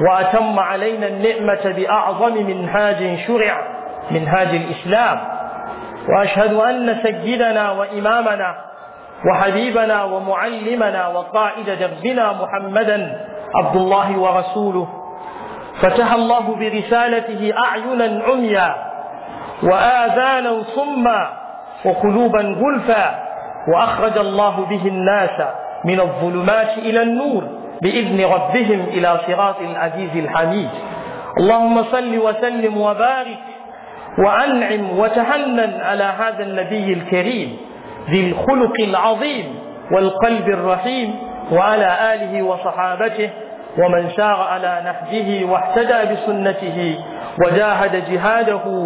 وأتم علينا النعمة بأعظم منهاج شرع منهاج الإسلام وأشهد أن سيدنا وإمامنا وحبيبنا ومعلمنا وقائد دربنا محمدا عبد الله ورسوله فتح الله برسالته أعينا عميا وآذانا صما وقلوبا غلفا وأخرج الله به الناس من الظلمات إلى النور باذن ربهم الى صراط العزيز الحميد اللهم صل وسلم وبارك وانعم وتهنن على هذا النبي الكريم ذي الخلق العظيم والقلب الرحيم وعلى اله وصحابته ومن سار على نهجه واهتدى بسنته وجاهد جهاده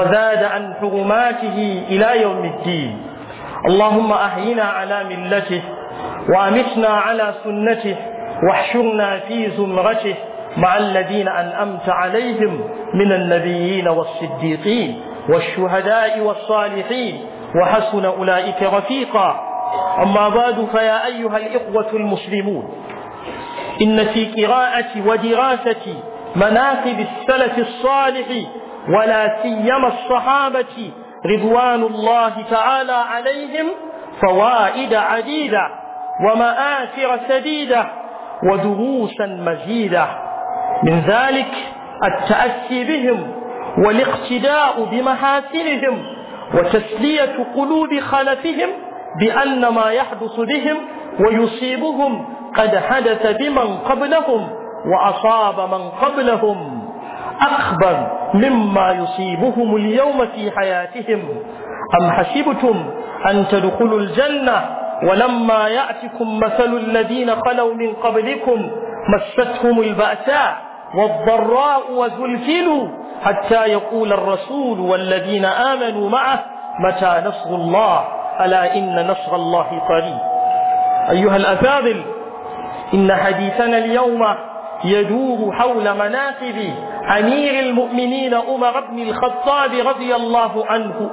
وزاد عن حرماته الى يوم الدين اللهم احينا على ملته وامتنا على سنته واحشرنا في زمرته مع الذين أنأمت عليهم من النبيين والصديقين والشهداء والصالحين وحسن أولئك رفيقا أما بعد فيا أيها الإخوة المسلمون إن في قراءة ودراسة مناقب السلف الصالح ولا سيما الصحابة رضوان الله تعالى عليهم فوائد عديدة ومآثر سديدة ودروسا مزيدة من ذلك التأسي بهم والاقتداء بمحاسنهم وتسلية قلوب خلفهم بأن ما يحدث بهم ويصيبهم قد حدث بمن قبلهم وأصاب من قبلهم أكبر مما يصيبهم اليوم في حياتهم أم حسبتم أن تدخلوا الجنة ولما يأتكم مثل الذين خلوا من قبلكم مستهم البأساء والضراء وزلزلوا حتى يقول الرسول والذين آمنوا معه متى نصر الله ألا إن نصر الله قريب أيها الأفاضل إن حديثنا اليوم يدور حول مناقب أمير المؤمنين أمر بن الخطاب رضي الله عنه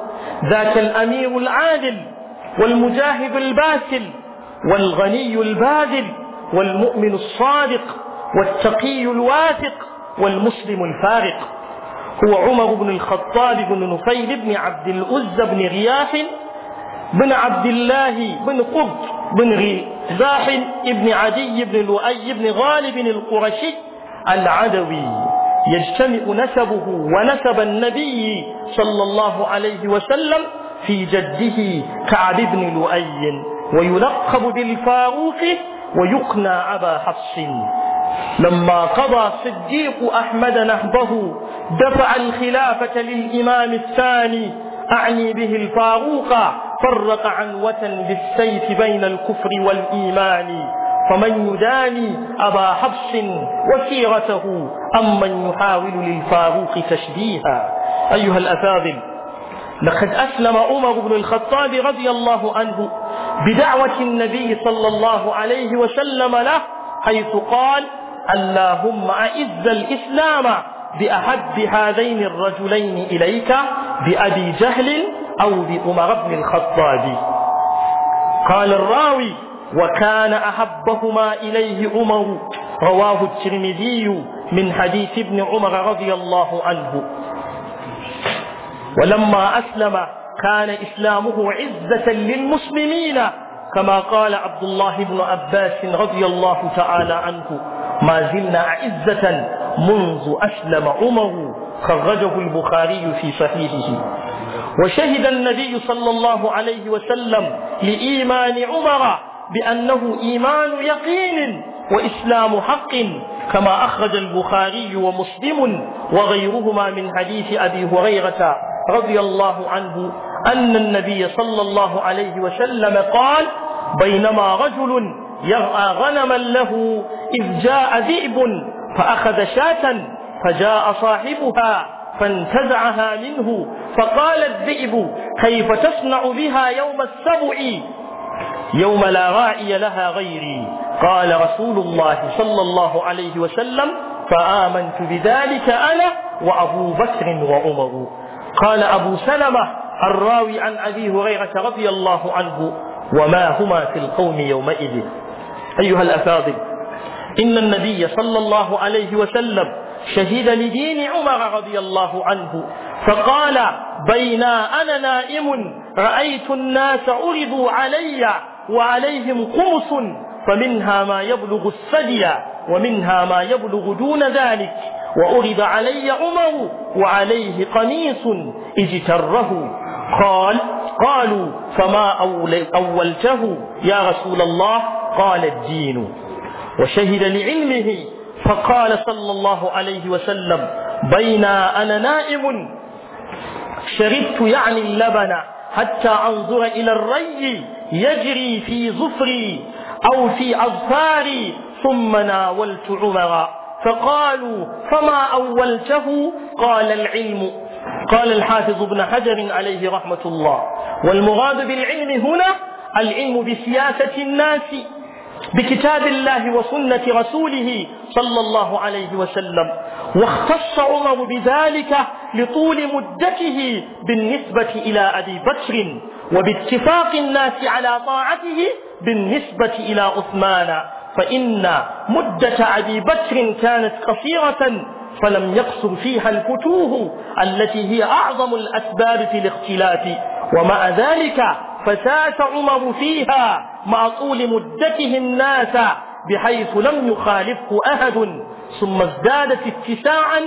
ذاك الأمير العادل والمجاهد الباسل والغني الباذل والمؤمن الصادق والتقي الواثق والمسلم الفارق هو عمر بن الخطاب بن نفيل بن عبد الأز بن غياث بن عبد الله بن قبط بن غزاح بن عدي بن لؤي بن غالب القرشي العدوي يجتمع نسبه ونسب النبي صلى الله عليه وسلم في جده كعب بن لؤي ويلقب بالفاروق ويقنى أبا حفص لما قضى الصديق أحمد نهبه دفع الخلافة للإمام الثاني أعني به الفاروق فرق عنوة بالسيف بين الكفر والإيمان فمن يداني أبا حفص وسيرته أم من يحاول للفاروق تشبيها أيها الأفاضل لقد أسلم عمر بن الخطاب رضي الله عنه بدعوة النبي صلى الله عليه وسلم له حيث قال اللهم أعز الإسلام بأحب هذين الرجلين إليك بأبي جهل أو بأمر بن الخطاب قال الراوي وكان أحبهما إليه عمر رواه الترمذي من حديث ابن عمر رضي الله عنه ولما أسلم كان إسلامه عزة للمسلمين كما قال عبد الله بن عباس رضي الله تعالى عنه ما زلنا عزة منذ أسلم عمر خرجه البخاري في صحيحه وشهد النبي صلى الله عليه وسلم لإيمان عمر بأنه إيمان يقين وإسلام حق كما أخرج البخاري ومسلم وغيرهما من حديث أبي هريرة رضي الله عنه أن النبي صلى الله عليه وسلم قال بينما رجل يرعى غنما له إذ جاء ذئب فأخذ شاة فجاء صاحبها فانتزعها منه فقال الذئب كيف تصنع بها يوم السبع يوم لا راعي لها غيري قال رسول الله صلى الله عليه وسلم فآمنت بذلك أنا وأبو بكر وعمر قال أبو سلمة الراوي عن أبي هريرة رضي الله عنه وما هما في القوم يومئذ أيها الأفاضل إن النبي صلى الله عليه وسلم شهد لدين عمر رضي الله عنه فقال بينا أنا نائم رأيت الناس عرضوا علي وعليهم قمص فمنها ما يبلغ الثدي ومنها ما يبلغ دون ذلك وأرد علي عمر وعليه قميص اجتره قال قالوا فما أولته يا رسول الله قال الدين وشهد لعلمه فقال صلى الله عليه وسلم بين أنا نائم شربت يعني اللبن حتى أنظر إلى الري يجري في ظفري أو في أظفاري ثم ناولت عمرا فقالوا فما أولته قال العلم قال الحافظ ابن حجر عليه رحمة الله والمراد بالعلم هنا العلم بسياسة الناس بكتاب الله وسنة رسوله صلى الله عليه وسلم واختص عمر بذلك لطول مدته بالنسبة إلى أبي بكر وباتفاق الناس على طاعته بالنسبة إلى عثمان فإن مدة أبي بكر كانت قصيرة فلم يقصر فيها الفتوه التي هي أعظم الأسباب في الاختلاف ومع ذلك فساس عمر فيها مع طول مدته الناس بحيث لم يخالفه أحد ثم ازدادت اتساعا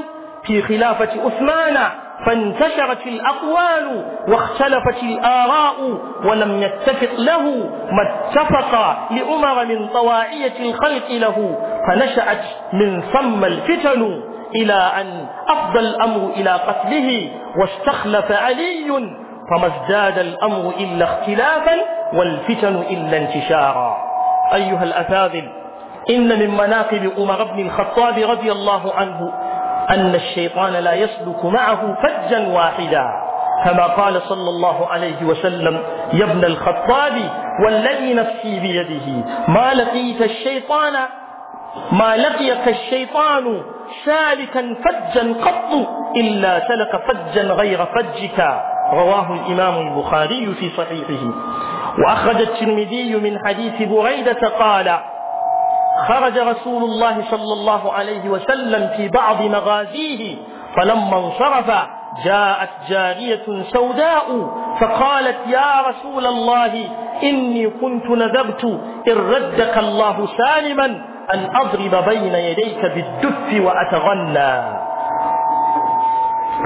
في خلافة عثمان فانتشرت الأقوال واختلفت الآراء ولم يتفق له ما اتفق لأمر من طواعية الخلق له فنشأت من ثم الفتن إلى أن أفضى الأمر إلى قتله واستخلف علي فما ازداد الأمر إلا اختلافا والفتن إلا انتشارا أيها الأساتذة إن من مناقب عمر بن الخطاب رضي الله عنه أن الشيطان لا يسلك معه فجا واحدا كما قال صلى الله عليه وسلم يا ابن الخطاب والذي نفسي بيده ما لقيت الشيطان ما لقيك الشيطان سالكا فجا قط إلا سلك فجا غير فجك رواه الإمام البخاري في صحيحه وأخرج الترمذي من حديث بريدة قال خرج رسول الله صلى الله عليه وسلم في بعض مغازيه فلما انصرف جاءت جارية سوداء فقالت يا رسول الله إني كنت نذرت إن ردك الله سالما أن أضرب بين يديك بالدف وأتغنى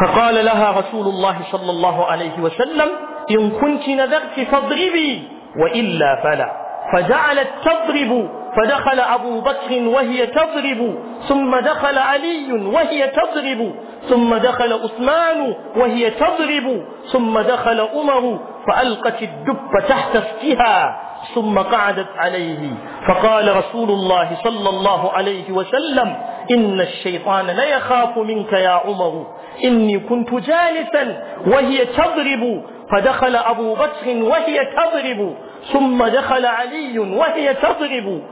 فقال لها رسول الله صلى الله عليه وسلم إن كنت نذرت فاضربي وإلا فلا فجعلت تضرب فدخل أبو بكر وهي تضرب ثم دخل علي وهي تضرب ثم دخل عثمان وهي تضرب ثم دخل أمر فألقت الدب تحت فيها ثم قعدت عليه فقال رسول الله صلى الله عليه وسلم إن الشيطان لا يخاف منك يا عمر إني كنت جالسا وهي تضرب فدخل أبو بكر وهي تضرب ثم دخل علي وهي تضرب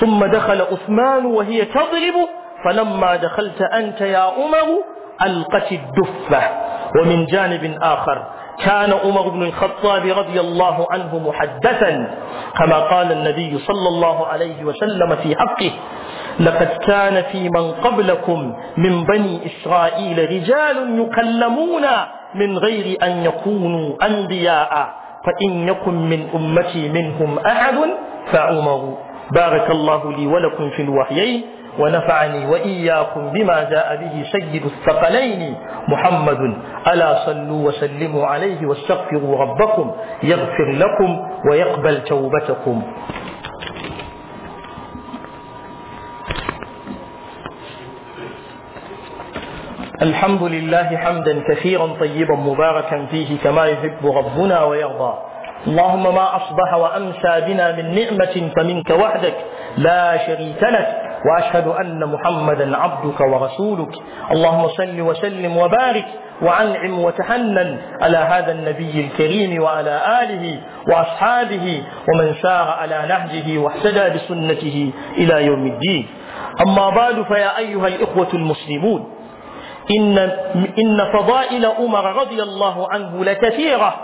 ثم دخل عثمان وهي تضرب فلما دخلت أنت يا عمر ألقت الدفة ومن جانب آخر كان عمر بن الخطاب رضي الله عنه محدثا كما قال النبي صلى الله عليه وسلم في حقه لقد كان في من قبلكم من بني إسرائيل رجال يكلمون من غير أن يكونوا أنبياء فإن يكن من أمتي منهم أحد فعمر بارك الله لي ولكم في الوحيين ونفعني وإياكم بما جاء به سيد الثقلين محمد ألا صلوا وسلموا عليه واستغفروا ربكم يغفر لكم ويقبل توبتكم الحمد لله حمدا كثيرا طيبا مباركا فيه كما يحب ربنا ويرضى اللهم ما أصبح وأمسى بنا من نعمة فمنك وحدك لا شريك لك وأشهد أن محمدا عبدك ورسولك اللهم صل وسلم وبارك وأنعم وتحنن على هذا النبي الكريم وعلى آله وأصحابه ومن سار على نهجه واحتدى بسنته إلى يوم الدين أما بعد فيا أيها الإخوة المسلمون إن, إن فضائل أمر رضي الله عنه لكثيرة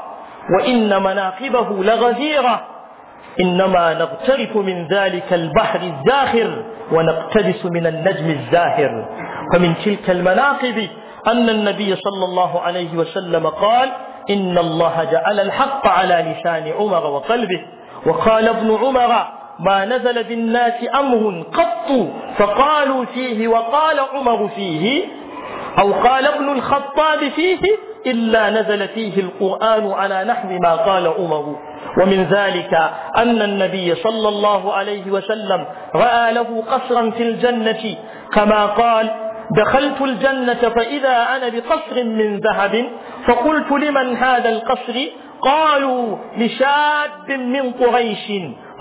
وإن مناقبه لغزيرة إنما نغترف من ذلك البحر الزاخر ونقتبس من النجم الزاهر فمن تلك المناقب أن النبي صلى الله عليه وسلم قال إن الله جعل الحق على لسان عمر وقلبه وقال ابن عمر ما نزل بالناس أمر قط فقالوا فيه وقال عمر فيه أو قال ابن الخطاب فيه إلا نزل فيه القرآن على نحو ما قال عمر ومن ذلك أن النبي صلى الله عليه وسلم رأى له قصرا في الجنة كما قال دخلت الجنة فإذا أنا بقصر من ذهب فقلت لمن هذا القصر قالوا لشاب من قريش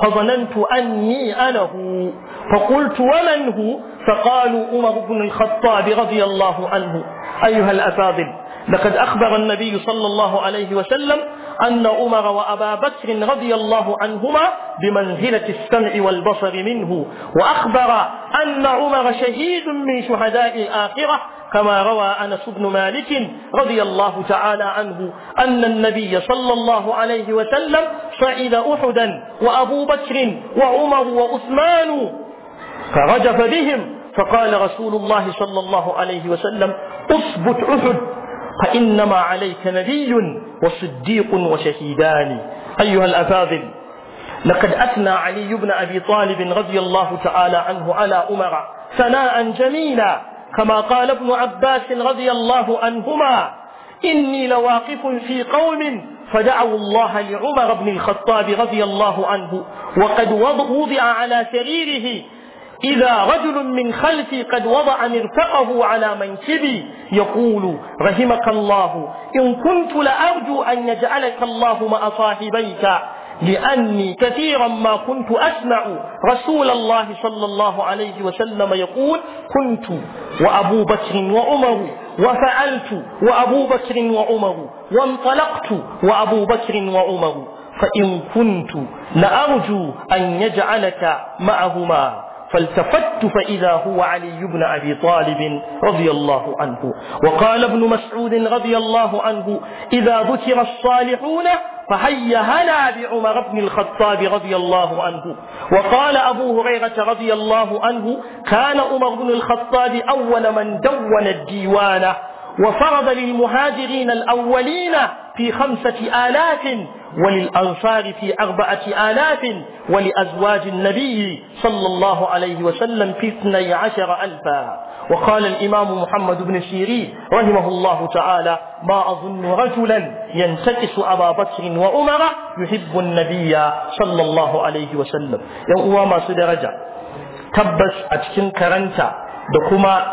فظننت أني أنا هو فقلت ومن هو فقالوا عمر بن الخطاب رضي الله عنه أيها الأفاضل لقد أخبر النبي صلى الله عليه وسلم أن عمر وأبا بكر رضي الله عنهما بمنزلة السمع والبصر منه وأخبر أن عمر شهيد من شهداء الآخرة كما روى أنس بن مالك رضي الله تعالى عنه أن النبي صلى الله عليه وسلم صعد أحدا وأبو بكر وعمر وعثمان فرجف بهم فقال رسول الله صلى الله عليه وسلم اثبت أحد فإنما عليك نبي وصديق وشهيدان أيها الأفاضل لقد أثنى علي بن أبي طالب رضي الله تعالى عنه على أمر ثناء جميلا كما قال ابن عباس رضي الله عنهما إني لواقف في قوم فدعوا الله لعمر بن الخطاب رضي الله عنه وقد وضع على سريره إذا رجل من خلفي قد وضع مرفقه على منكبي يقول رحمك الله إن كنت لأرجو أن يجعلك الله مع صاحبيك لأني كثيرا ما كنت أسمع رسول الله صلى الله عليه وسلم يقول كنت وأبو بكر وعمر وفعلت وأبو بكر وعمر وانطلقت وأبو بكر وعمر فإن كنت لأرجو أن يجعلك معهما فالتفت فإذا هو علي بن أبي طالب رضي الله عنه وقال ابن مسعود رضي الله عنه إذا ذكر الصالحون فهيا هنا بعمر بن الخطاب رضي الله عنه وقال أبو هريرة رضي الله عنه كان عمر بن الخطاب أول من دون الديوان وفرض للمهاجرين الأولين في خمسة آلاف وللأنصار في أربعة آلاف ولأزواج النبي صلى الله عليه وسلم في اثني عشر ألفا وقال الإمام محمد بن سيرين رحمه الله تعالى ما أظن رجلا ينتكس أبا بكر وأمر يحب النبي صلى الله عليه وسلم يوم ما سدرجة تبس أتكن كرنتا دكما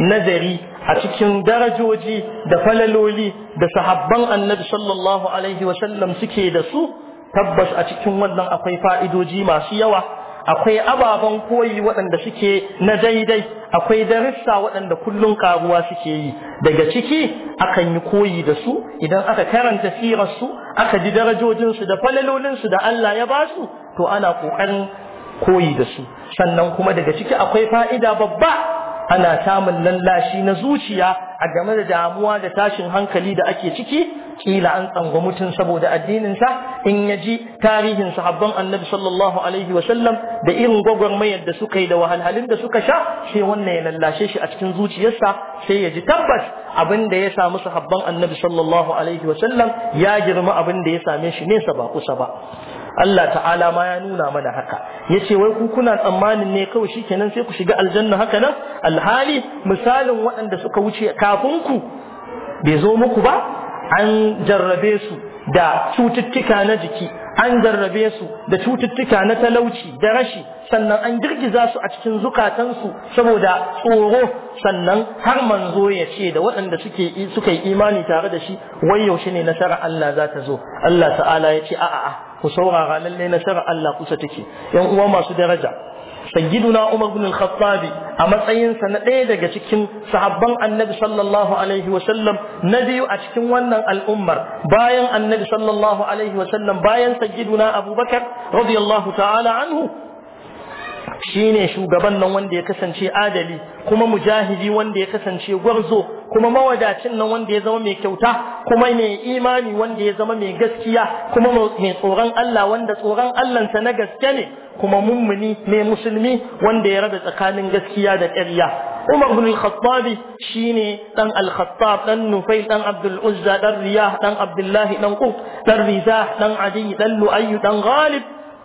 نذري a cikin darajoji da falaloli da sahabban annabi sallallahu alaihi wasallam suke da su tabbas a cikin wannan akwai fa'idoji masu yawa akwai ababan koyi waɗanda suke na daidai akwai darussa waɗanda kullun karuwa suke yi daga ciki akan yi koyi da su idan aka karanta su, aka ji darajojinsu da falalolinsu da Allah ya ba su to ana ƙoƙarin koyi da su sannan kuma daga ciki akwai fa'ida babba ana samun lallashi na zuciya a game da damuwa da tashin hankali da ake ciki kila an tsangwa mutum saboda addininsa in ya ji tarihin sahabban annabi sallallahu alaihi da irin gwagwarmayar da suka yi da wahalhalun da suka sha sai wannan ya lallashe shi a cikin zuciyarsa sai ya ji tabbas abin da ya samu sahabban annabi sallallahu alaihi ya girma abin da ya same shi nesa ba kusa ba Allah ta'ala ma ya nuna mana haka yace wai ku kuna tsammanin ne kawai shikenan sai ku shiga aljanna haka nan alhali misalin waɗanda suka wuce kafin ku bai zo muku ba an jarrabe su da cututtuka na jiki an jarrabe su da cututtuka na talauci da rashi sannan an girgiza su a cikin zukatansu saboda tsoro sannan har manzo ya ce da waɗanda suke suka yi imani tare da shi wai yaushe ne nasarar Allah za ta zo Allah ta'ala ya ce a'a ku saurara lalle nasarar Allah kusa take yan uwa masu daraja sayyiduna Umar bin al-Khattab a matsayinsa na ɗaya daga cikin sahabban Annabi sallallahu alaihi wa sallam na biyu a cikin wannan al'ummar bayan Annabi sallallahu alaihi wa sallam bayan sayyiduna Abubakar radiyallahu ta'ala anhu shine shugaban nan wanda ya kasance adali kuma mujahidi wanda ya kasance gwarzo kuma mawadacin nan wanda ya zama mai kyauta kuma mai imani wanda ya zama mai gaskiya kuma mai tsoron Allah wanda tsoron sa na gaske ne kuma mummuni mai musulmi wanda ya rada tsakanin gaskiya da ƙarya Umar bin al shi shine dan Al-Khattab dan Nufayl dan Abdul Uzza dan Riyah dan Abdullah dan Qut dan Rizah dan Adi dan Lu'ay dan Ghalib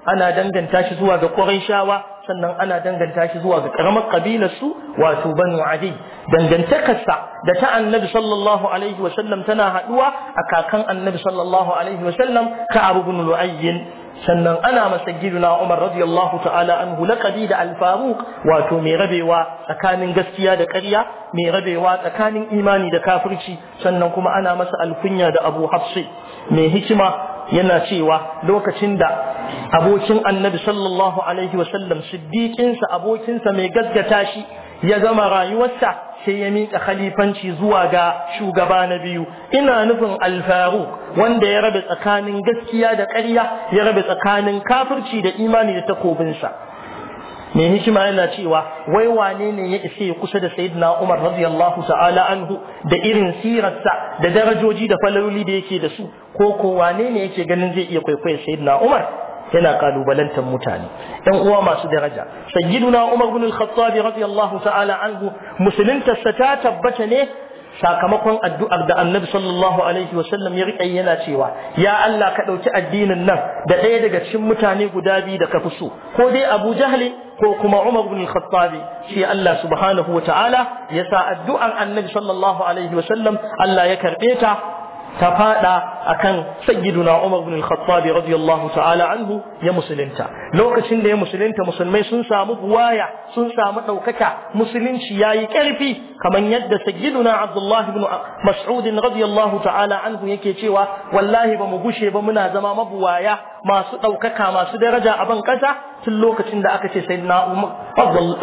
ana danganta shi zuwa ga Qurayshawa sannan ana danganta shi zuwa ga karamar kabilarsu wato banu adi dangantakarsa da ta annabi sallallahu alaihi wasallam tana haɗuwa a kakan annabi sallallahu alaihi wasallam ka abu bin lu'ayyin sannan ana masa giduna Umar radiyallahu ta'ala anhu laqabi da al-Faruq wato mai rabewa tsakanin gaskiya da ƙarya mai rabewa tsakanin imani da kafirci sannan kuma ana masa alfunya da Abu Hafsi mai hikima yana cewa lokacin da abokin Annabi sallallahu alaihi wasallam siddiqin sa abokin sa mai gaggata shi ya zama rayuwarsa sai ya miƙa khalifanci zuwa ga shugaba na biyu ina nufin alfaru wanda ya rabe tsakanin gaskiya da ƙarya ya rabe tsakanin kafirci da imani da takobinsa mai hikima yana cewa wai wane ne ya ishe kusa da sayyidina umar radiyallahu ta'ala anhu da irin sirarsa da darajoji da falaloli da yake da su ko ko wane ne yake ganin zai iya kwaikwaya sayyidina umar yana kalubalantar mutane ɗan uwa masu daraja sayyiduna umar bin al-khattab radiyallahu ta'ala anhu musulunta ta tabbata ne sakamakon addu'ar da annabi sallallahu alaihi sallam ya riƙe yana cewa ya Allah ka ɗauki addinin nan da ɗaya daga cikin mutane guda biyu da ka fi so ko dai Abu Jahli ko kuma Umar bin al-Khattabi shi Allah subhanahu wa ta'ala ya sa addu'ar annabi sallallahu alaihi sallam Allah ya karɓe ta ta fada akan sayyiduna Umar ibn al-Khattab radiyallahu ta'ala anhu ya musulunta lokacin da ya musulunta musulmai sun samu buwaya sun samu daukaka musulunci yayi karfi kamar yadda sayyiduna Abdullah ibn Mas'ud radiyallahu ta'ala anhu yake cewa wallahi ba mu gushe ba muna zama mabuwaya masu daukaka masu daraja a ban kasa tun lokacin da aka ce sayyidina Umar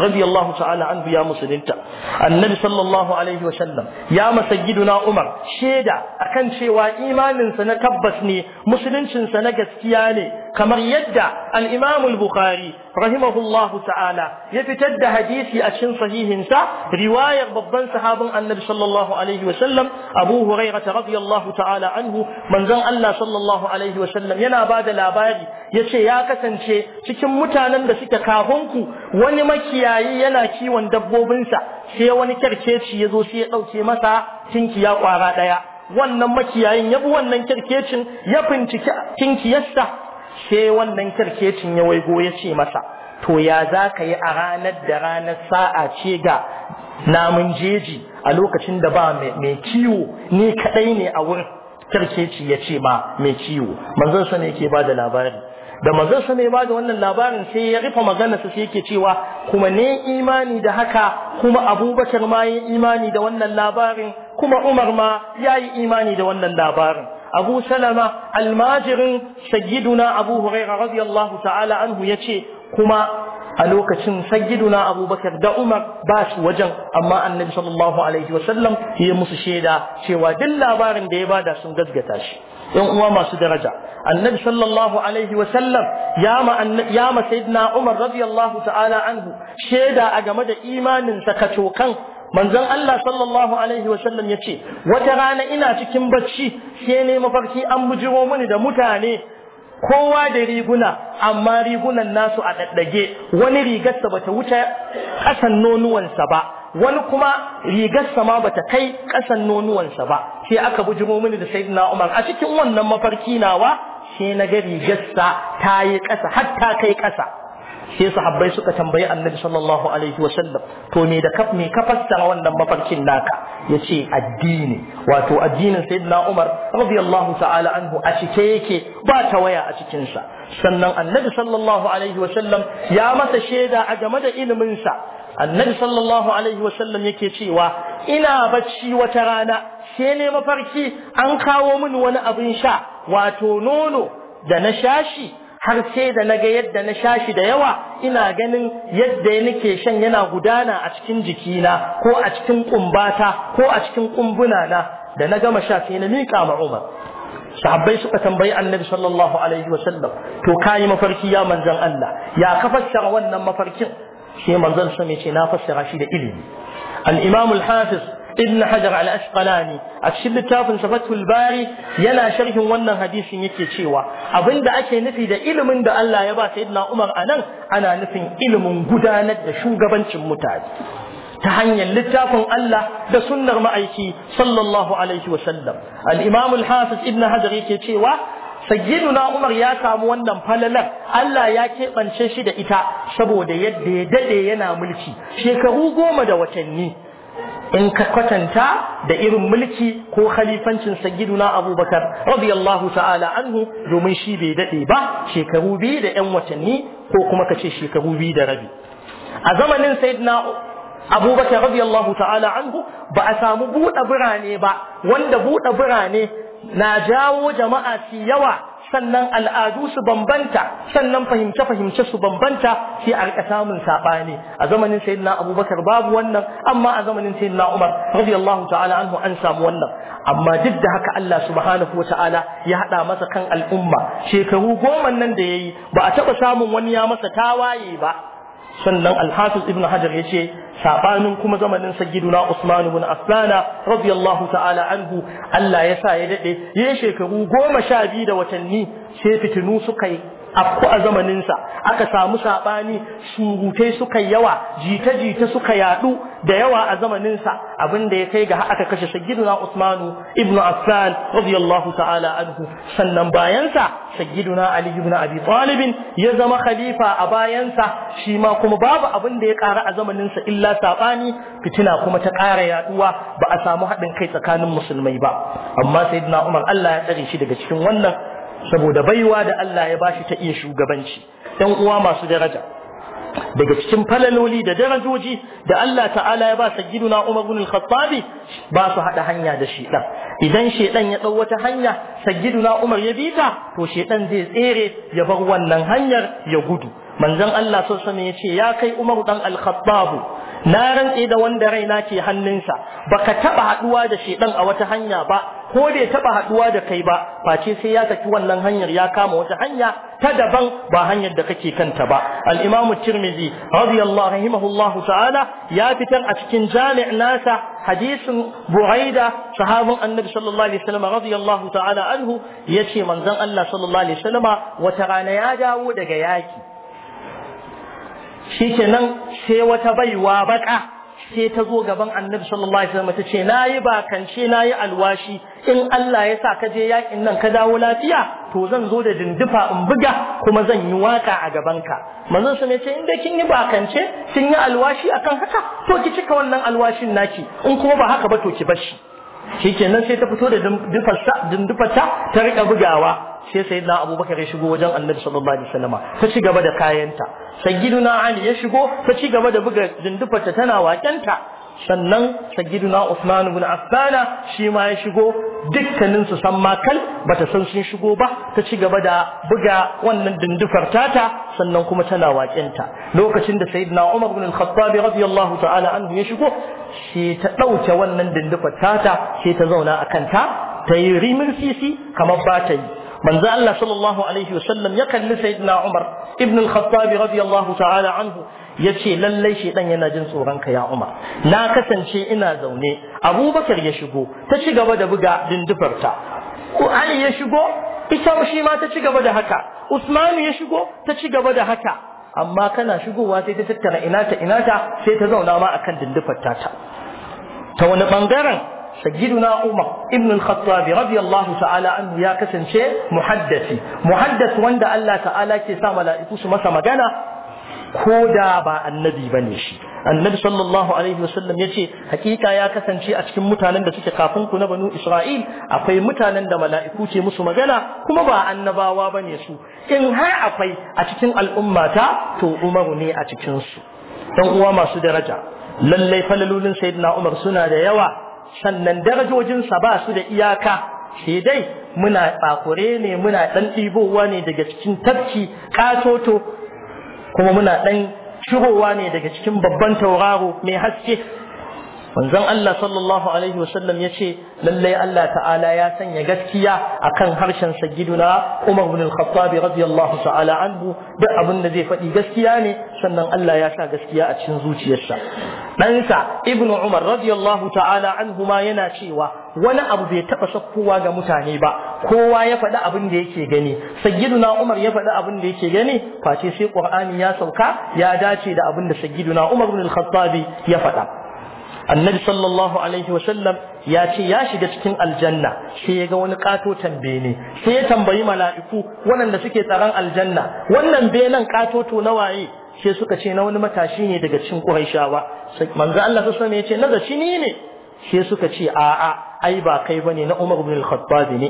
radiyallahu ta'ala anhu ya musulunta annabi sallallahu alaihi wa sallam ya masayyiduna Umar sheda akan cewa imaninsa na tabbas ne musuluncinsa na gaskiya ne kamar yadda al-Imam al-Bukhari rahimahullahu ta'ala ya fitar da hadisi a cikin sahihinsa riwayar babban sahabin Annabi sallallahu alaihi wa sallam Abu Hurairah radiyallahu ta'ala anhu manzon Allah sallallahu alaihi wa sallam yana bada labari yace ya kasance cikin mutanen da suke kahonku wani makiyayi yana kiwon dabbobinsa sai wani kerkeci ya zo sai ya dauke masa tinkiya kwara daya wannan makiyayin ya bi wannan kirkecin ya binciki kinkiyarsa sai wannan kirkecin ya waigo ya ce masa to ya za ka yi a ranar da ranar sa'a ce ga namun jeji a lokacin da ba mai kiwo ni kadai ne a wurin kirkeci ya ce ma mai kiwo manzon sa ne ke ba da labari da manzon sa ba da wannan labarin sai ya rufe maganarsa sai yake cewa kuma ne imani da haka kuma abubakar ma yi imani da wannan labarin kuma umar ma ya yi imani da wannan labarin abu salama almajirin sayyiduna abu huraira radiyallahu ta'ala anhu ya ce kuma a lokacin sayyiduna abubakar da umar ba su wajen amma annabi sallallahu alaihi wasallam ya musu shaida cewa duk labarin da ya bada sun gaskata shi yan uwa masu daraja annabi sallallahu alaihi wasallam ya ma sayyidina umar radiyallahu ta'ala anhu shaida a game da imanin sa kacokan manzon Allah sallallahu alaihi wasallam ya ce wata rana ina cikin bacci sai ne mafarki an bujiro mini da mutane kowa da riguna amma rigunan nasu a daddage wani rigarsa bata wuce kasan nonuwansa ba wani kuma rigarsa ma bata kai kasan nonuwansa ba sai aka bujimo mini da sayyidina Umar a cikin wannan mafarki nawa sai na ga rigarsa ta yi kasa har kai kasa sai sahabbai suka tambayi annabi sallallahu alaihi wa sallam to me da kaf me ka fassara wannan mafarkin naka yace addini wato addinin sayyidina Umar radiyallahu ta'ala anhu a cike yake ba ta waya a cikin sa sannan annabi sallallahu alaihi wa sallam ya masa shaida a game da ilimin sa annabi sallallahu alaihi wa sallam yake cewa ina bacci wata rana sai ne mafarki an kawo mini wani abin sha wato nono da na shashi har sai da naga yadda na shashi da yawa ina ganin yadda nake shan yana gudana a cikin jikina ko a cikin kumbata ko a cikin kumbuna na da na gama sha sai na mika ma Umar sahabbai suka tambayi annabi sallallahu alaihi wasallam to kai mafarki ya manzon Allah ya ka fassara wannan mafarkin sai manzon sa ce na fassara shi da ilimi al-imam al-hafiz ibn hajar al asqalani a cikin littafin fathul bari yana sharhin wannan hadisin yake cewa abinda ake nufi da ilimin da Allah ya ba sayyidina umar anan ana nufin ilimin gudanar da shugabancin mutane ta hanyar littafin Allah da sunnar ma'aiki sallallahu alaihi wa sallam al-imam al-hafiz ibn hajar yake cewa sayyiduna umar ya samu wannan falalar Allah ya keɓance shi da ita saboda yadda ya dade yana mulki shekaru goma da watanni in ka kwatanta da irin mulki ko khalifancin sayyiduna abubakar radiyallahu ta'ala anhu domin shi bai dade ba shekaru biyu da yan watanni ko kuma ka ce shekaru biyu da rabi a zamanin sayyidina abubakar radiyallahu ta'ala anhu ba a samu buɗe birane ba wanda buɗe birane na jawo jama'a su yawa sannan al'adu su bambanta sannan fahimce fahimce su bambanta sai a rika samun sabani a zamanin na abubakar babu wannan amma a zamanin na umar radiyallahu ta'ala anhu an samu wannan amma duk da haka Allah subhanahu ta'ala ya hada masa kan al'umma shekaru goma nan da ya yi ba a taɓa samun wani ya masa tawaye ba sannan alhafiz ibn hajar ya ce saɓanin kuma zamanin sagiduna usman ibn affana radiyallahu ta'ala anhu Allah ya sa ya dade ya shekaru goma sha biyu da watanni sai fitinu suka yi afku a zamaninsa aka samu saɓani surutai suka yawa jita-jita suka yadu da yawa a zamaninsa abinda ya kai ga aka kashe na usmanu ibn affan radiyallahu ta'ala anhu sannan bayansa sayyiduna ali ibn abi talib ya zama khalifa a bayansa shi ma kuma babu abin da ya ƙara a zamaninsa illa saɓani fitina kuma ta ƙara yaduwa ba a samu haɗin kai tsakanin musulmai ba amma sayyiduna umar Allah ya tsare shi daga cikin wannan saboda baiwa da Allah ya bashi ta iya shugabanci dan uwa masu daraja daga cikin falaloli da darajoji da Allah ta'ala ya ba sayyiduna Umar ibn al-Khattabi ba su hada hanya da shedan idan shedan ya dau wata hanya na Umar ya bita to shedan zai tsere ya bar wannan hanyar ya gudu manzon Allah sallallahu alaihi ya ce ya kai Umar dan al-Khattab na rantse da wanda raina ke hannunsa baka taba haduwa da shedan a wata hanya ba ko bai taba haduwa da kai ba face sai ya saki wannan hanyar ya kama wata hanya ta daban ba hanyar da kake kanta ba al-imamu tirmizi radiyallahu rahimahullahu ta'ala ya fitar a cikin jami' nasa hadisin buraida sahabin annabi sallallahu alaihi wasallam radiyallahu ta'ala anhu yace manzon Allah sallallahu alaihi wasallam wata rana ya dawo daga yaki shikenan sai wata baiwa baka sai ta zo gaban annabi sallallahu alaihi wasallam ta ce nayi bakance nayi alwashi in Allah ya sa ka je yakin nan ka dawo lafiya to zan zo da dindufa in buga kuma zan yi waka a gaban ka manzon sa ce in dai kin yi bakance kin yi alwashi akan haka to ki cika wannan alwashin naki in kuma ba haka ba to ki bar shi shikenan sai ta fito da dindufarta ta rika bugawa sai sayyidina abubakar ya shigo wajen annabi sallallahu alaihi wasallama ta ci gaba da kayanta sayyiduna ali ya shigo ta ci gaba da buga jindufarta tana wakenta sannan sayyiduna usman ibn affan shi ma ya shigo dukkanin su san makal bata san sun shigo ba ta ci gaba da buga wannan dindufar tata sannan kuma tana wakenta lokacin da sayyidina umar ibn al-khattab radiyallahu ta'ala anhu ya shigo shi ta dauke wannan dindufar tata sai ta zauna akan ta ta yi rimin sisi kamar ba ta yi manzo Allah sallallahu alaihi sallam ya kalli sayyidina Umar ibn al-Khattab radiyallahu ta'ala anhu yace lallai dan yana jin tsoron ka ya Umar na kasance ina zaune Abubakar ya shigo ta ci gaba da buga dindufarta Ali ya shigo ita shi ma ta ci gaba da haka Usman ya shigo ta ci gaba da haka amma kana shigowa sai ta tattara inata inata sai ta zauna ma akan dindufar ta ta wani bangaren سيدنا عمر ابن الخطاب رضي الله تعالى عنه يا كسن شيء محدثي محدث وند الله تعالى كي سا ملائكو su masa magana ko da ba annabi bane shi annabi sallallahu alaihi wasallam yace hakika ya kasance a cikin mutanen da suke kafin ku na banu isra'il akwai mutanen da mala'iku ce musu magana kuma ba annabawa ba ne su in har akwai a cikin al'ummata to umaru ne a cikin su dan uwa masu daraja lallai falalolin sayyidina umar suna da yawa sannan darajojinsa ba su da iyaka sai dai muna bakure ne muna dan ɗibowa ne daga cikin tafki katoto kuma muna dan shigowa ne daga cikin babban tauraro mai haske manzon Allah sallallahu alaihi wasallam yace lallai Allah ta'ala ya sanya gaskiya akan harshen sagiduna Umar bin Al-Khattab radiyallahu ta'ala anhu duk abin da zai faɗi gaskiya ne sannan Allah ya sa gaskiya a cikin zuciyarsa ɗansa Ibn Umar radiyallahu ta'ala anhu ma yana cewa wani abu bai taɓa sakkowa ga mutane ba kowa ya faɗi abin da yake gani sayyiduna Umar ya faɗi abin da yake gani face sai Qur'ani ya sauka ya dace da abin da sayyiduna Umar bin Al-Khattab ya faɗa annabi sallallahu alaihi wasallam ya ce ya shiga cikin aljanna sai ya ga wani kato bene sai ya tambayi mala'iku waɗanda suke tsaron aljanna wannan benen katoto na waye sai suka ce na wani matashi ne daga cikin Qurayshawa manzo Allah sallallahu alaihi ya ce na da shi ne sai suka ce a'a ai ba kai bane na Umar bin Al-Khattab ne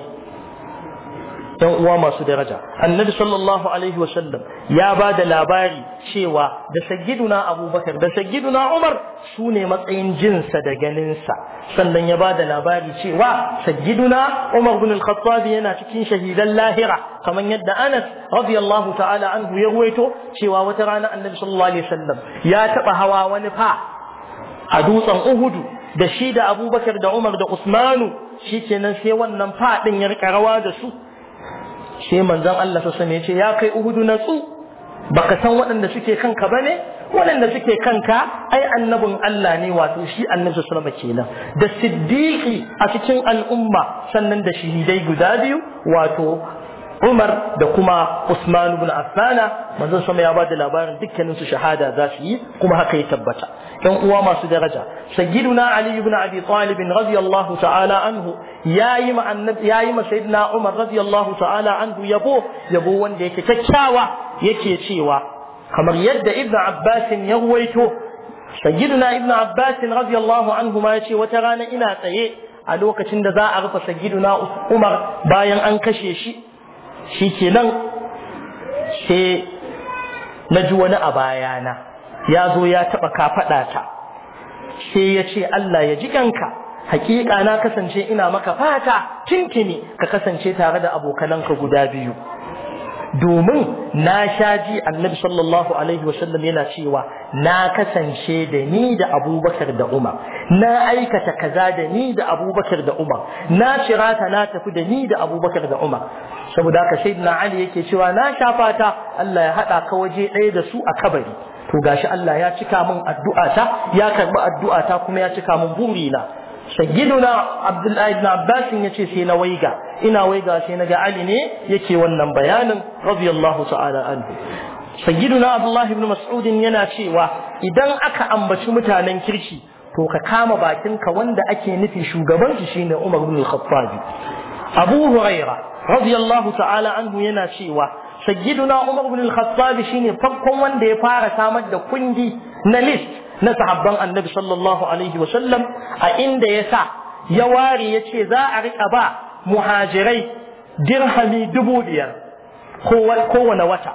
dan uwa masu daraja annabi sallallahu alaihi wasallam ya ba da labari cewa da sayyiduna abubakar da sayyiduna umar su ne matsayin jinsa da ganinsa sannan ya ba da labari cewa sayyiduna umar bin al-khattab yana cikin shahidan lahira kamar yadda anas radiyallahu ta'ala anhu ya ruwaito cewa wata rana annabi sallallahu alaihi wasallam ya taba hawa wani fa a dutsen uhudu da shi da abubakar da umar da usmanu shikenan sai wannan fa din ya rika rawa da su sai manzon Allah sallallahu ya ce ya kai uhudu natsu baka san waɗanda suke kanka bane waɗanda suke kanka ai annabin Allah ne wato shi annabin sallallahu alaihi kenan da siddiƙi a cikin al'umma sannan da shahidai guda biyu wato Umar da kuma Usman ibn Affana manzon sama ya bada labarin dukkanin su shahada za su yi kuma haka ya tabbata ɗan uwa masu daraja sayyiduna Ali ibn Abi Talib radiyallahu ta'ala anhu yayi ma annabi yayi ma sayyidina Umar radiyallahu ta'ala anhu yabo yabo wanda yake kyakkyawa yake cewa kamar yadda Ibn Abbas ya ruwaito sayyiduna Ibn Abbas radiyallahu anhu ma yace wata rana ina tsaye a lokacin da za a rufe sayyiduna Umar bayan an kashe shi shi ke nan sai na ji wani a bayana ya zo ya taɓa kafaɗa ta sai ya ce Allah ya ji kanka hakika na kasance ina maka fata tintini ka kasance tare da abokananka guda biyu domin na sha ji annabi sallallahu alaihi wasallam yana cewa na kasance da ni da abubakar da umar na aikata kaza da ni da abubakar da umar na shirata na tafi da ni da abubakar da umar saboda haka sayyidina ali yake cewa na sha fata Allah ya haɗa ka waje ɗaya da su a kabari to gashi Allah ya cika min addu'ata ya karɓi addu'ata kuma ya cika min burina sayyiduna abdullahi ibn abbas ce sai na waiga ina waiga sai naga ali ne yake wannan bayanin radiyallahu ta'ala anhu sayyiduna abdullahi ibn mas'ud yana cewa idan aka ambaci mutanen kirki to ka kama bakinka wanda ake nufi shugaban shi shine umar ibn al-khattab abu huraira radiyallahu ta'ala anhu yana cewa sayyiduna umar ibn al-khattab shine farkon wanda ya fara samar da kungi na list na sahabban annabi sallallahu alaihi wasallam a inda ya sa ya ware ya ce za a riƙa ba muhajirai dirhami dubu biyar kowane wata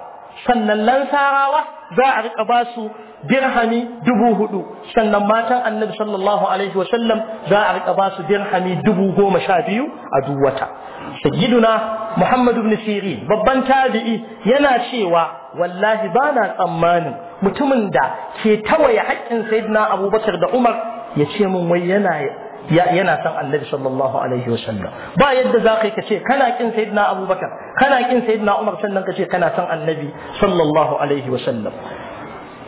sannan lansarawa za a riƙa ba su dirhami dubu hudu sannan matan annabi sallallahu alaihi wasallam za a riƙa ba su dirhami dubu goma sha biyu a duk wata sayyiduna muhammadu ibn sirin babban tabi'i yana cewa wallahi ba na tsammanin mutumin da ke tawaye haƙƙin sayyidina abubakar da umar ya ce min wai yana yana san annabi sallallahu alaihi wa sallam ba yadda za ka yi kace kana kin sayyidina abubakar kana kin sayyidina umar sannan kace kana san annabi sallallahu alaihi wa sallam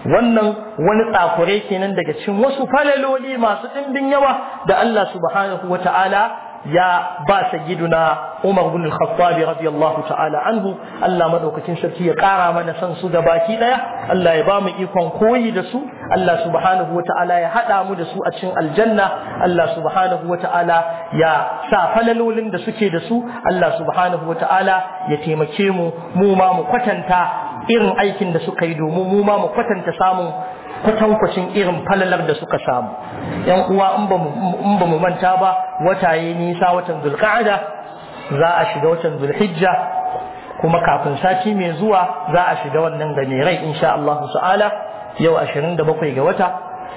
wannan wani tsakure kenan daga cikin wasu falaloli masu dimbin yawa da Allah subhanahu wa ta'ala ya ba sayyiduna Umar bin al-Khattab radiyallahu ta'ala anhu Allah madaukakin sarki ya kara mana san su da baki daya Allah ya ba mu ikon koyi da su Allah subhanahu wata'ala ya hada mu da su a cikin aljanna Allah subhanahu wata'ala ya sa falalolin da suke da su Allah subhanahu wata'ala ya taimake mu mu ma mu kwatanta irin aikin da suka yi domin mu ma mu kwatanta samun kwatankwacin irin falalar da suka samu yan uwa in ba mu manta ba wataye nisa watan zulqa'ada za a shiga watan zulhijja kuma kafin sati mai zuwa za a shiga wannan gamirai insha Allah ta'ala yau 27 ga wata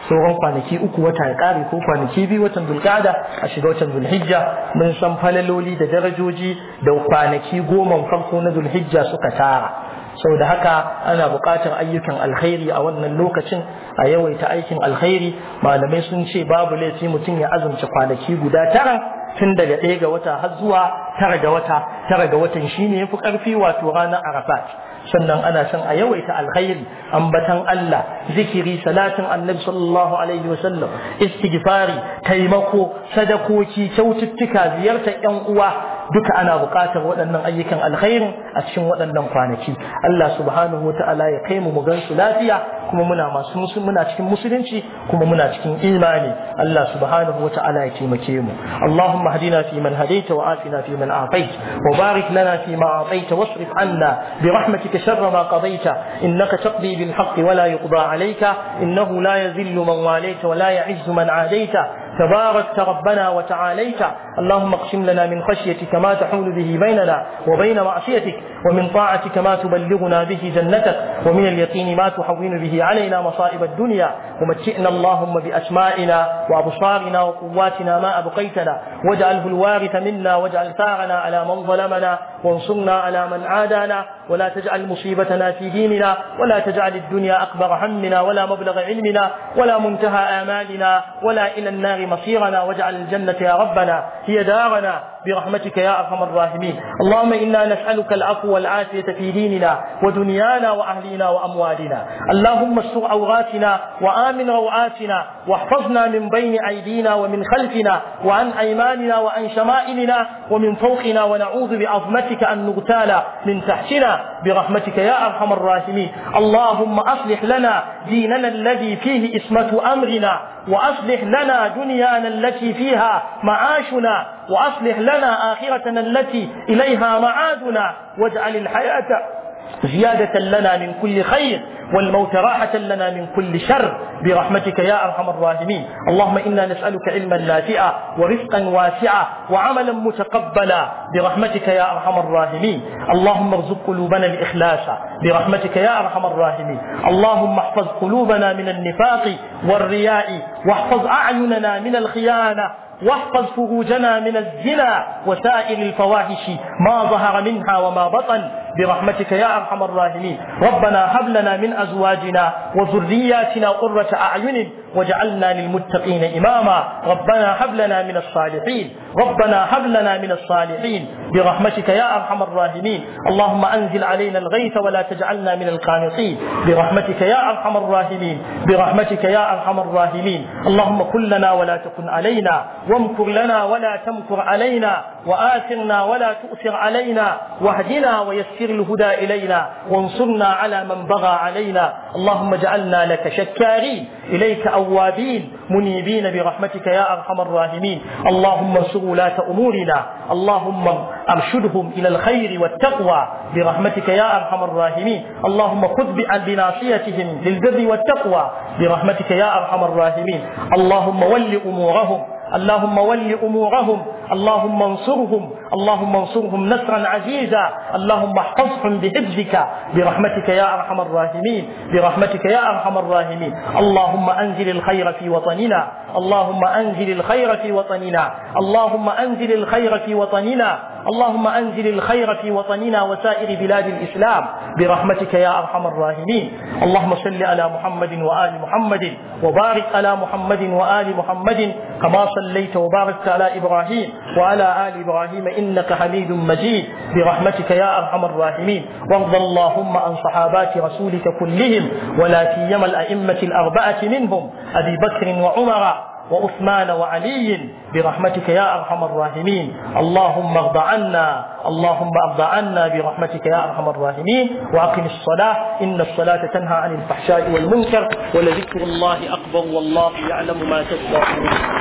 sauran kwanaki uku wata ya kare ko kwanaki biyu watan zulqa'ada a shiga watan zulhijja mun san falaloli da darajoji da kwanaki goma farko na zulhijja suka tara Sau da haka ana buƙatar ayyukan alkhairi a wannan lokacin a yawaita aikin alkhairi malamai sun ce babu laifi mutum ya azumci kwanaki guda tara tun daga ɗaya ga wata har zuwa tara ga wata tara ga watan shine yafi ƙarfi wato ranar arafat sannan ana son a yawaita alkhairi ambatan Allah zikiri salatin annabi sallallahu alaihi wasallam istighfari taimako sadakoki kyaututtuka ziyartar yan uwa duka ana buƙatar waɗannan ayyukan alkhairin a cikin waɗannan kwanaki Allah subhanahu wa ta'ala ya kai mu mu gan su lafiya kuma muna masu musulmi muna cikin musulunci kuma muna cikin imani Allah subhanahu wa ta'ala ya taimake mu Allahumma hadina fi man hadaita wa afina fi man afait wa barik lana fi ma ataita wasrif anna bi rahmatika sharra ma qadaita innaka taqdi bil haqq wa la yuqda alayka innahu la yazillu man walaita wa la ya'izzu man adaita تبارك ربنا وتعاليت اللهم اقسم لنا من خشيتك ما تحول به بيننا وبين معصيتك ومن طاعتك ما تبلغنا به جنتك ومن اليقين ما تحول به تقضي علينا مصائب الدنيا ومتئنا اللهم بأسمائنا وأبصارنا وقواتنا ما أبقيتنا واجعله الوارث منا واجعل ثارنا على من ظلمنا وانصرنا على من عادانا ولا تجعل مصيبتنا في ديننا ولا تجعل الدنيا أكبر همنا ولا مبلغ علمنا ولا منتهى آمالنا ولا إلى النار مصيرنا واجعل الجنة يا ربنا هي دارنا برحمتك يا ارحم الراحمين اللهم انا نسالك العفو والعافيه في ديننا ودنيانا واهلينا واموالنا اللهم استر عوراتنا وامن روعاتنا واحفظنا من بين ايدينا ومن خلفنا وعن ايماننا وعن شمائلنا ومن فوقنا ونعوذ بعظمتك ان نغتال من تحتنا برحمتك يا ارحم الراحمين اللهم اصلح لنا ديننا الذي فيه اسمه امرنا وأصلح لنا دنيانا التي فيها معاشنا وأصلح لنا آخرتنا التي إليها معادنا واجعل الحياة زيادة لنا من كل خير والموت راحة لنا من كل شر برحمتك يا أرحم الراحمين اللهم إنا نسألك علما نافعا ورزقا واسعا وعملا متقبلا برحمتك يا أرحم الراحمين اللهم ارزق قلوبنا الإخلاص برحمتك يا أرحم الراحمين اللهم احفظ قلوبنا من النفاق والرياء واحفظ أعيننا من الخيانة واحفظ فروجنا من الزنا وسائر الفواحش ما ظهر منها وما بطن برحمتك يا ارحم الراحمين ربنا هب لنا من ازواجنا وذرياتنا قرة اعين واجعلنا للمتقين اماما ربنا هب لنا من الصالحين ربنا هب لنا من الصالحين برحمتك يا ارحم الراحمين اللهم انزل علينا الغيث ولا تجعلنا من القانطين برحمتك يا ارحم الراحمين برحمتك يا ارحم الراحمين اللهم كن لنا ولا تكن علينا وامكر لنا ولا تمكر علينا وآثرنا ولا تؤثر علينا واهدنا ويسر الهدى إلينا وانصرنا على من بغى علينا اللهم اجعلنا لك شكارين إليك أوابين منيبين برحمتك يا أرحم الراحمين اللهم انصر ولاة أمورنا اللهم أرشدهم إلى الخير والتقوى برحمتك يا أرحم الراحمين اللهم خذ بناصيتهم للبر والتقوى برحمتك يا أرحم الراحمين اللهم ول أمورهم اللهم ول امورهم اللهم انصرهم اللهم انصرهم نصرا عزيزا اللهم احفظهم بحفظك برحمتك يا ارحم الراحمين برحمتك يا ارحم الراحمين اللهم انزل الخير في وطننا اللهم انزل الخير في وطننا اللهم انزل الخير في وطننا اللهم أنزل الخير في وطننا وسائر بلاد الإسلام برحمتك يا أرحم الراحمين اللهم صل على محمد وآل محمد وبارك على محمد وآل محمد كما صليت وباركت على إبراهيم وعلى آل إبراهيم إنك حميد مجيد برحمتك يا أرحم الراحمين وارض اللهم عن صحابات رسولك كلهم ولا سيما الأئمة الأربعة منهم أبي بكر وعمر وعثمان وعلي برحمتك يا أرحم الراحمين اللهم ارض عنا اللهم ارض عنا برحمتك يا أرحم الراحمين وأقم الصلاة إن الصلاة تنهى عن الفحشاء والمنكر ولذكر الله أكبر والله يعلم ما تسمعون